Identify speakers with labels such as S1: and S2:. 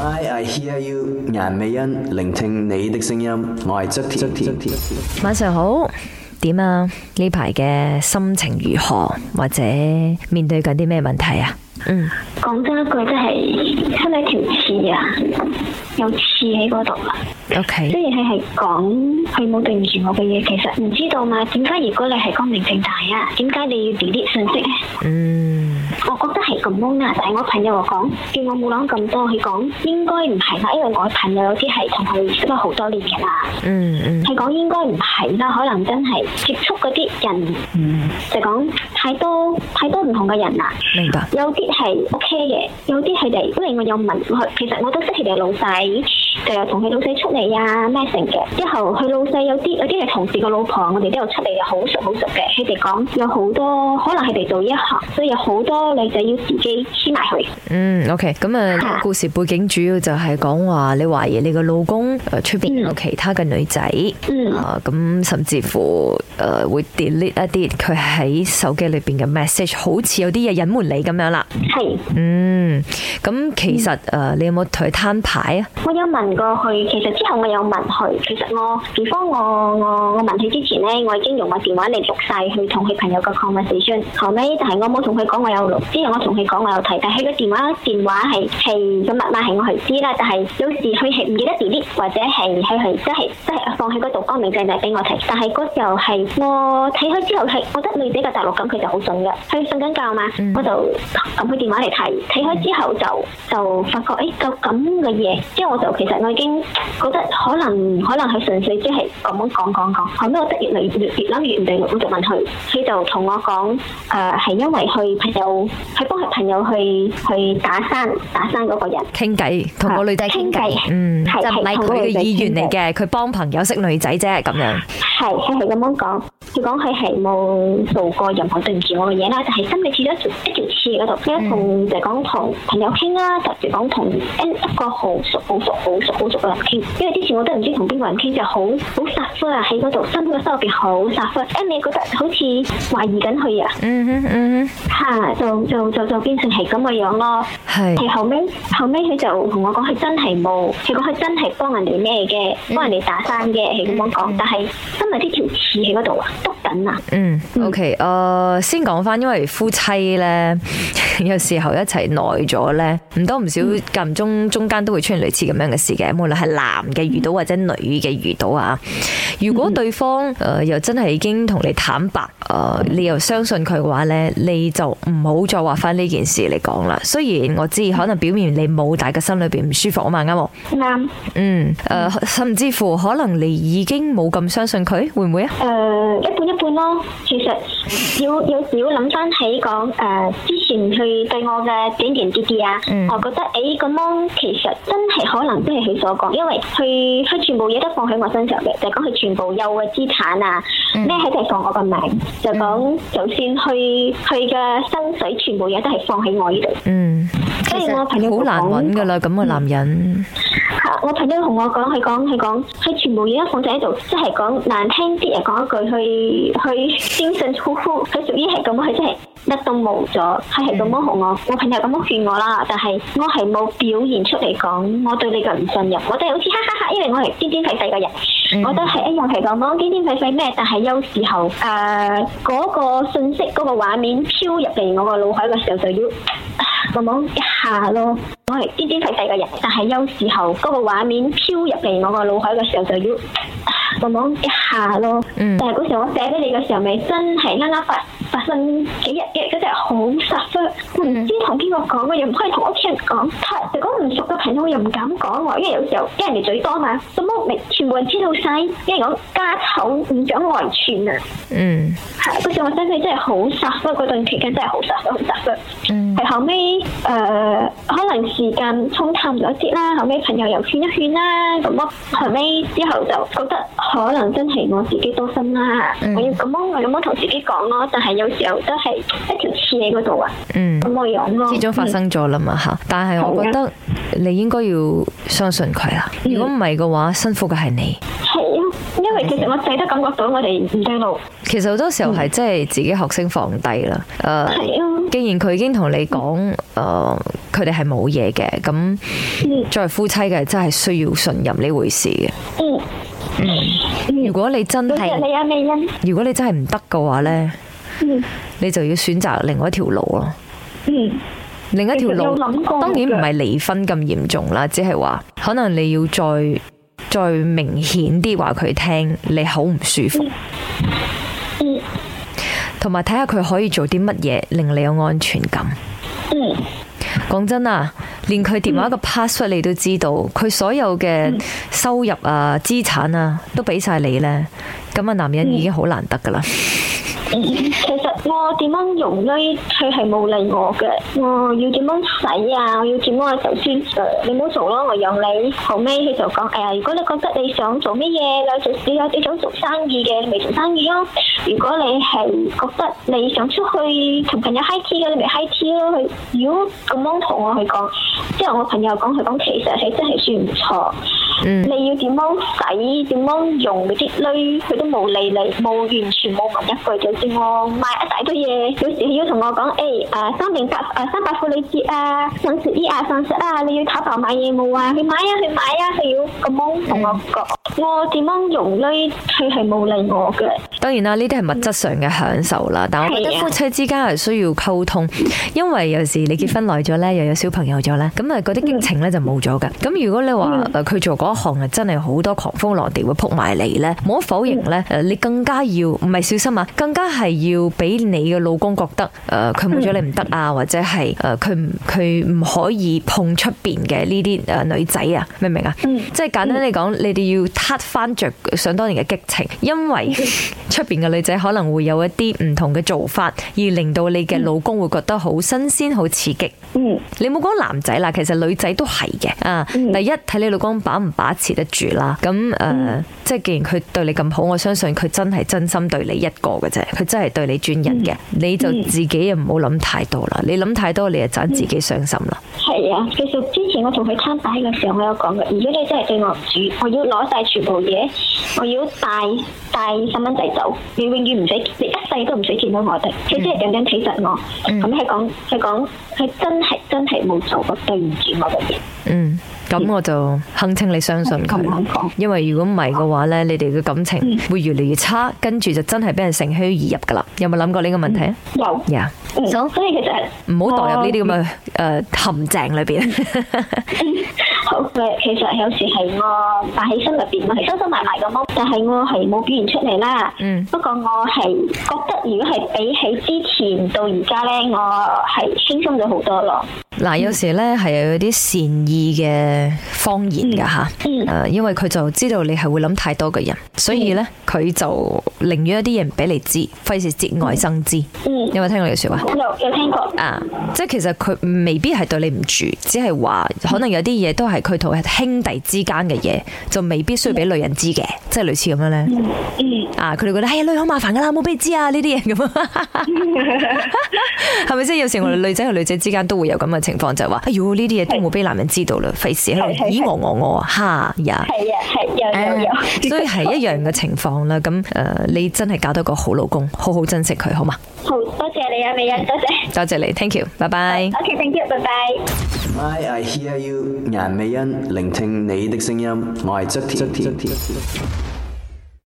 S1: I hear you，顏美欣聆聽你的聲音，我係側田。側田。晚上好，點啊？呢排嘅心情如何？或者面對緊啲咩問題啊？
S2: 嗯，講真一句，真係係咪條刺啊？有刺喺嗰度。OK，雖然佢係講佢冇對唔住我嘅嘢，其實唔知道嘛。點解如果你係光明正大啊？點解你要 delete 信息？嗯。我覺得係咁諗啦，但係我朋友話講，叫我冇諗咁多。佢講應該唔係啦，因為我朋友有啲係同佢識咗好多年嘅啦，嗯。嗯嗯，係講應該唔係啦，可能真係接觸嗰啲人，嗯，就講太多太多唔同嘅人啦。明白。有啲係 O K 嘅，有啲係嚟。因為我有問佢，其實我都識佢哋老細。就有同佢老細出嚟啊咩成嘅。之後佢老細有啲，有啲係同事嘅老婆，我哋都出很熟很熟有出嚟，好熟好熟嘅。佢哋講有好多，可能佢哋做一行，所以有好多女仔要自己黐埋去。
S1: 嗯，OK，咁啊，故事背景主要就係講話你懷疑你個老公喺出邊有其他嘅女仔，嗯，咁、啊、甚至乎誒、呃、會 delete 一啲佢喺手機裏邊嘅 message，好似有啲嘢隱瞞你咁樣啦。係是，嗯，咁其實誒，嗯、你有冇同佢攤牌啊？
S2: 我有問。過去，其實之後我有問佢。其實我，如果我我我問佢之前咧，我已經用我電話嚟錄晒佢同佢朋友個 conversation。後尾就係我冇同佢講我有錄，之後我同佢講我有睇。但係佢電話電話係係個密碼係我係知啦。但係有時佢係唔記得 delete 或者係佢係真係真係放喺度光明正大俾我睇。但係嗰時候係我睇開之後係覺得你比較大陸咁，佢就好醒㗎。佢瞓緊覺嘛，我就撳佢電話嚟睇。睇開之後就就發覺誒、欸，有咁嘅嘢。之後我就其實。我已經覺得可能可能係純粹即係咁樣講講講，後尾我覺得越嚟越越諗越唔定。我就問佢，佢就同我講，誒、呃、
S1: 係因為佢朋友，佢幫佢朋友去去搭訕搭訕嗰個人傾偈，同個女仔傾偈，嗯，係就唔係佢嘅意願嚟嘅，佢幫朋友識女仔啫咁樣，
S2: 係係咁樣講。佢講佢係冇做過任何對唔住我嘅嘢啦，就係、是、心裏似咗一條一條刺喺度。一同就係講同朋友傾啊，或者講同誒一個好熟、好熟、好熟、好熟嘅人傾。因為之前我都唔知同邊個人傾，就好好殺分啊！喺嗰度心嘅心入邊好殺分，誒你覺得好似懷疑緊佢啊？嗯嗯哼，吓就就就就變成係咁嘅樣咯。係、mm。係、hmm. 後尾，後尾，佢就同我講，佢真係冇。佢講佢真係幫人哋咩嘅，mm hmm. 幫人哋打散嘅，係咁樣講。Mm hmm. 但係心裏呢條刺喺嗰度啊！
S1: 嗯，OK，誒、呃，先講翻，因為夫妻咧， 有時候一齊耐咗咧，唔多唔少間唔中，中間都會出現類似咁樣嘅事嘅。無論係男嘅遇到或者女嘅遇到啊，如果對方誒、呃、又真係已經同你坦白。誒，你又相信佢嘅話咧，你就唔好再話翻呢件事嚟講啦。雖然我知可能表面你冇，但係個心裏邊唔舒服啊嘛，啱冇？啱。嗯，誒，甚至乎可能你已經冇咁相信佢，會唔會啊？誒，一半一半咯。其實要要要諗翻
S2: 起講誒，之前佢對我嘅點點滴滴啊，我覺得誒，咁樣其實真係可能真係佢所講，因為佢佢全部嘢都放喺我身上嘅，就係講佢全部有嘅資產啊，咩喺度放我個名。就講，就算去去嘅薪水全部嘢都係放喺我呢度。嗯，
S1: 即係我朋友好難搵噶啦，咁嘅男人。
S2: 嗯，我朋友同我講，佢講佢講，佢全部嘢都放晒喺度，即係講難聽啲嚟講一句，去去精神呼呼」於。佢屬於係咁佢性質。乜都冇咗，佢係咁樣哄我，嗯、我朋友咁樣勸我啦，但係我係冇表現出嚟講，我對你嘅唔信任，我都係好似哈，哈哈哈，因為我係癲癲廢廢嘅人，嗯、我都係一樣係咁樣癲癲廢廢咩？但係有時候誒嗰、呃嗰個信息嗰、嗰個畫面飄入嚟我個腦海嘅時候就要，咁樣一下咯。我係癲癲廢廢嘅人，但係有時候嗰個畫面飄入嚟我個腦海嘅時候就要，咁樣一下咯。嗯、但係嗰時候我寫俾你嘅時候，咪、就是、真係啱啱發。發生幾日嘅嗰隻好殺傷，唔、er 嗯、知同邊個講，我又唔可以同屋企人講，係，同嗰唔熟嘅朋友我又唔敢講喎，因為有時候啲人哋嘴多嘛，咁樣咪全部人知道晒，因為講家醜唔想外傳啊。嗯，係嗰時我心裏真係好殺傷，嗰、er, 段期間真係好殺好殺傷。嗯，係後尾，誒、呃，可能時間沖淡咗啲啦，後尾朋友又勸一勸啦，咁樣後尾之後就覺得可能真係我自己多心啦、嗯，我要咁樣，我要咁樣同自己講咯，但係
S1: 有時候都係一條刺喺嗰度啊，嗯，咁個始終發生咗啦嘛吓，嗯，但係我覺得你應該要相信佢啦，如果唔係嘅話，辛苦嘅係你。係啊，因為其實我成日都感覺到我哋唔
S2: 對路。
S1: 其實好多時候係真係自己學識放低啦，誒、嗯、係、uh, 啊。既然佢已經同你講，誒、嗯，佢哋係冇嘢嘅，咁作為夫妻嘅真係需要信任呢回事嘅。嗯嗯，嗯嗯，如果你真係，你阿美欣，如果你真係唔得嘅話咧。你就要選擇另外一條路咯。嗯，另一條路當然唔係離婚咁嚴重啦，只係話可能你要再再明顯啲話佢聽，你好唔舒服。嗯，同埋睇下佢可以做啲乜嘢令你有安全感。嗯，講真啊，連佢電話個 password 你都知道，佢、嗯、所有嘅收入啊、資產啊都俾晒你呢。咁啊，那個男人已經好難得噶啦。
S2: 其實我點樣用咧，佢係冇理我嘅。我要點樣使啊？我要點樣首先，誒，你唔好做咯，我養你。後尾佢就講，誒、哎，如果你覺得你想做乜嘢，你做，你有你想做生意嘅，你咪做生意咯。如果你係覺得你想出去同朋友嗨 T 嘅，你咪嗨 T 咯。如果咁樣同我去講，之後我朋友講佢講，其實佢真係算唔錯。Mm hmm. 你要點樣使點樣用嗰啲呂，佢都冇理你，冇完全冇問一句就算。我買一大堆嘢，有時佢要同我講，誒、欸，誒三八誒婦女節啊，上次啲啊，上次啊，啊，啊，你要睇下買嘢冇啊，去買啊，去買啊，佢、啊、要咁樣同我講。我點樣用呢？佢
S1: 係冇理我嘅。當然啦，呢啲係物質上嘅享受啦。嗯、但我覺得夫妻之間係需要溝通，嗯、因為有時你結婚耐咗咧，嗯、又有小朋友咗咧，咁啊，嗰啲激情咧就冇咗噶。咁、嗯、如果你話誒佢做嗰行啊，真係好多狂風浪蝶會撲埋嚟咧。冇得否認咧，誒、嗯，你更加要唔係小心啊？更加係要俾你嘅老公覺得誒，佢冇咗你唔得啊，嗯嗯、或者係誒，佢唔佢唔可以碰出面嘅呢啲誒女仔啊？明唔明啊？即係簡單嚟講，你哋要。撻翻着想當年嘅激情，因為出邊嘅女仔可能會有一啲唔同嘅做法，而令到你嘅老公會覺得好新鮮、好刺激。嗯，你冇講男仔啦，其實女仔都係嘅。啊，第一睇你老公把唔把持得住啦。咁誒，呃嗯、即係既然佢對你咁好，我相信佢真係真心對你一個嘅啫，佢真係對你專一嘅。嗯、你就自己又唔好諗太多啦，你諗太多你就盞自己傷心啦。嗯
S2: 係啊，其實之前我同佢攤牌嘅時候，我有講過。如果你真係對我唔住，我要攞晒全部嘢，我要帶帶細蚊仔走。你永遠唔使，你一世都唔使見到我哋。佢真係點樣睇實我？咁係講係講，佢真係真係冇做過對唔住我嘅嘢。嗯。
S1: 咁我就懇請你相信佢，因為如果唔係嘅話咧，嗯、你哋嘅感情會越嚟越差，跟住就真係俾人乘虛而入噶啦。有冇諗過呢個問題啊、嗯？有，Yeah. 嗯、所以其實唔好墮入呢啲咁嘅誒陷阱裏邊、 嗯。
S2: 好，其實有時係我擺喺心入邊，我係收收埋埋咁，但係我係冇表現出嚟啦。嗯，不過我係覺得，如果係比起之前到而家咧，我係輕鬆咗好多咯。
S1: 嗱、啊，有時咧係有啲善意嘅謊言嘅嚇、啊，因為佢就知道你係會諗太多嘅人，所以咧佢、嗯、就寧願一啲嘢唔俾你知，費事節外生枝。有冇聽過呢句説話？有有、嗯、聽過啊！即係其實佢未必係對你唔住，只係話可能有啲嘢都係佢同兄弟之間嘅嘢，就未必需要俾女人知嘅，即係類似咁樣咧。嗯嗯、啊，佢哋覺得哎呀，女好麻煩㗎啦，冇俾你知啊，呢啲嘢咁啊，係咪先？即係有時我哋女仔同女仔之間都會有咁啊。情況就話，哎喲，呢啲嘢都冇俾男人知道啦，費事佢咦，我我我哈，呀，係啊係啊係啊，所以係一樣嘅情況啦。咁誒，你真係搞到個好老公，好好珍惜佢，好嘛？
S2: 好多謝你啊，美欣，
S1: 多謝，多謝你，thank you，拜拜。OK，thank you，拜拜。I Hear U 顏美欣，聆聽你的聲音。我係 Zettie。